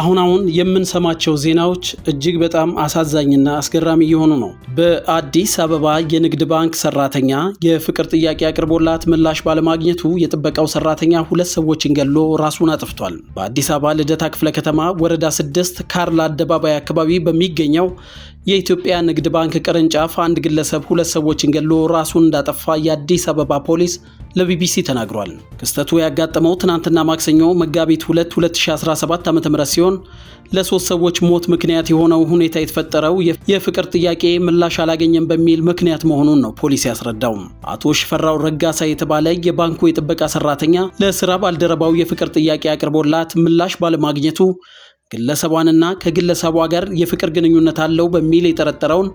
አሁን አሁን የምንሰማቸው ዜናዎች እጅግ በጣም አሳዛኝና አስገራሚ እየሆኑ ነው። በአዲስ አበባ የንግድ ባንክ ሰራተኛ የፍቅር ጥያቄ አቅርቦላት ምላሽ ባለማግኘቱ የጥበቃው ሰራተኛ ሁለት ሰዎችን ገሎ ራሱን አጥፍቷል። በአዲስ አበባ ልደታ ክፍለ ከተማ ወረዳ ስድስት ካርል አደባባይ አካባቢ በሚገኘው የኢትዮጵያ ንግድ ባንክ ቅርንጫፍ አንድ ግለሰብ ሁለት ሰዎችን ገሎ ራሱን እንዳጠፋ የአዲስ አበባ ፖሊስ ለቢቢሲ ተናግሯል። ክስተቱ ያጋጠመው ትናንትና ማክሰኞ መጋቢት 2 2017 ዓ ም ሲሆን ሲሆን ለሶስት ሰዎች ሞት ምክንያት የሆነው ሁኔታ የተፈጠረው የፍቅር ጥያቄ ምላሽ አላገኘም በሚል ምክንያት መሆኑን ነው ፖሊስ ያስረዳው። አቶ ሽፈራው ረጋሳ የተባለ የባንኩ የጥበቃ ሰራተኛ ለስራ ባልደረባው የፍቅር ጥያቄ አቅርቦላት ምላሽ ባለማግኘቱ ግለሰቧንና ከግለሰቧ ጋር የፍቅር ግንኙነት አለው በሚል የጠረጠረውን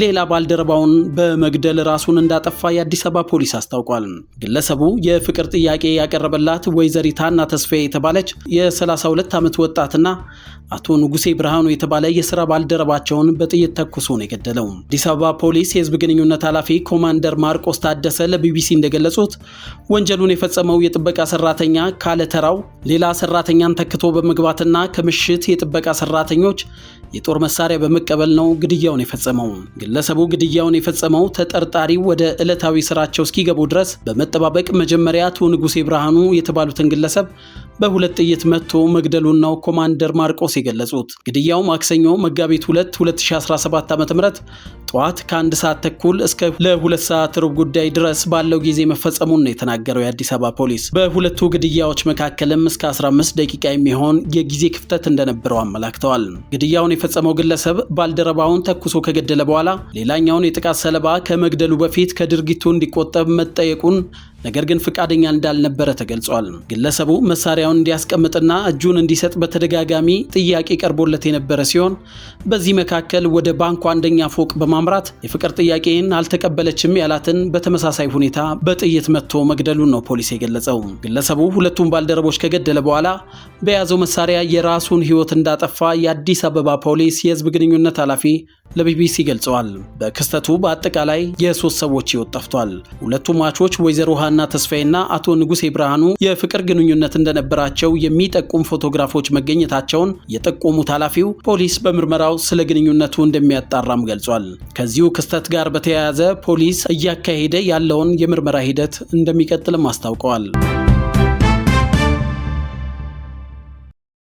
ሌላ ባልደረባውን በመግደል ራሱን እንዳጠፋ የአዲስ አበባ ፖሊስ አስታውቋል። ግለሰቡ የፍቅር ጥያቄ ያቀረበላት ወይዘሪት ሀና ተስፋዬ የተባለች የ32 ዓመት ወጣትና አቶ ንጉሴ ብርሃኑ የተባለ የስራ ባልደረባቸውን በጥይት ተኩሶ ነው የገደለው። አዲስ አበባ ፖሊስ የህዝብ ግንኙነት ኃላፊ ኮማንደር ማርቆስ ታደሰ ለቢቢሲ እንደገለጹት ወንጀሉን የፈጸመው የጥበቃ ሰራተኛ ካለተራው ሌላ ሰራተኛን ተክቶ በመግባትና ከምሽት የጥበቃ ሰራተኞች የጦር መሳሪያ በመቀበል ነው ግድያውን የፈጸመው። ግለሰቡ ግድያውን የፈጸመው ተጠርጣሪ ወደ ዕለታዊ ስራቸው እስኪገቡ ድረስ በመጠባበቅ መጀመሪያ አቶ ንጉሴ ብርሃኑ የተባሉትን ግለሰብ በሁለት ጥይት መጥቶ መግደሉን ነው ኮማንደር ማርቆስ የገለጹት። ግድያው ማክሰኞ መጋቢት 2 2017 ም ጠዋት ከአንድ ሰዓት ተኩል እስከ ለሁለት ሰዓት ሩብ ጉዳይ ድረስ ባለው ጊዜ መፈጸሙን ነው የተናገረው የአዲስ አበባ ፖሊስ። በሁለቱ ግድያዎች መካከልም እስከ 15 ደቂቃ የሚሆን የጊዜ ክፍተት እንደነበረው አመላክተዋል። ግድያውን የፈጸመው ግለሰብ ባልደረባውን ተኩሶ ከገደለ በኋላ ሌላኛውን የጥቃት ሰለባ ከመግደሉ በፊት ከድርጊቱ እንዲቆጠብ መጠየቁን ነገር ግን ፍቃደኛ እንዳልነበረ ተገልጿል። ግለሰቡ መሳሪያውን እንዲያስቀምጥና እጁን እንዲሰጥ በተደጋጋሚ ጥያቄ ቀርቦለት የነበረ ሲሆን በዚህ መካከል ወደ ባንኩ አንደኛ ፎቅ በማምራት የፍቅር ጥያቄን አልተቀበለችም ያላትን በተመሳሳይ ሁኔታ በጥይት መጥቶ መግደሉን ነው ፖሊስ የገለጸው። ግለሰቡ ሁለቱም ባልደረቦች ከገደለ በኋላ በያዘው መሳሪያ የራሱን ሕይወት እንዳጠፋ የአዲስ አበባ ፖሊስ የህዝብ ግንኙነት ኃላፊ ለቢቢሲ ገልጸዋል። በክስተቱ በአጠቃላይ የሶስት ሰዎች ህይወት ጠፍቷል። ሁለቱ ሟቾች ወይዘሮ ሃና ተስፋዬና አቶ ንጉሴ ብርሃኑ የፍቅር ግንኙነት እንደነበራቸው የሚጠቁም ፎቶግራፎች መገኘታቸውን የጠቆሙት ኃላፊው ፖሊስ በምርመራው ስለ ግንኙነቱ እንደሚያጣራም ገልጿል። ከዚሁ ክስተት ጋር በተያያዘ ፖሊስ እያካሄደ ያለውን የምርመራ ሂደት እንደሚቀጥልም አስታውቀዋል።